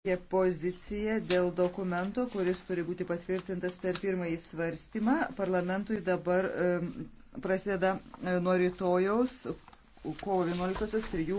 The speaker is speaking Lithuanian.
pateikė poziciją dėl dokumento, kuris turi būti patvirtintas per pirmąjį svarstymą. Parlamentui dabar prasideda e, nuo rytojaus kovo 11-osios ir jų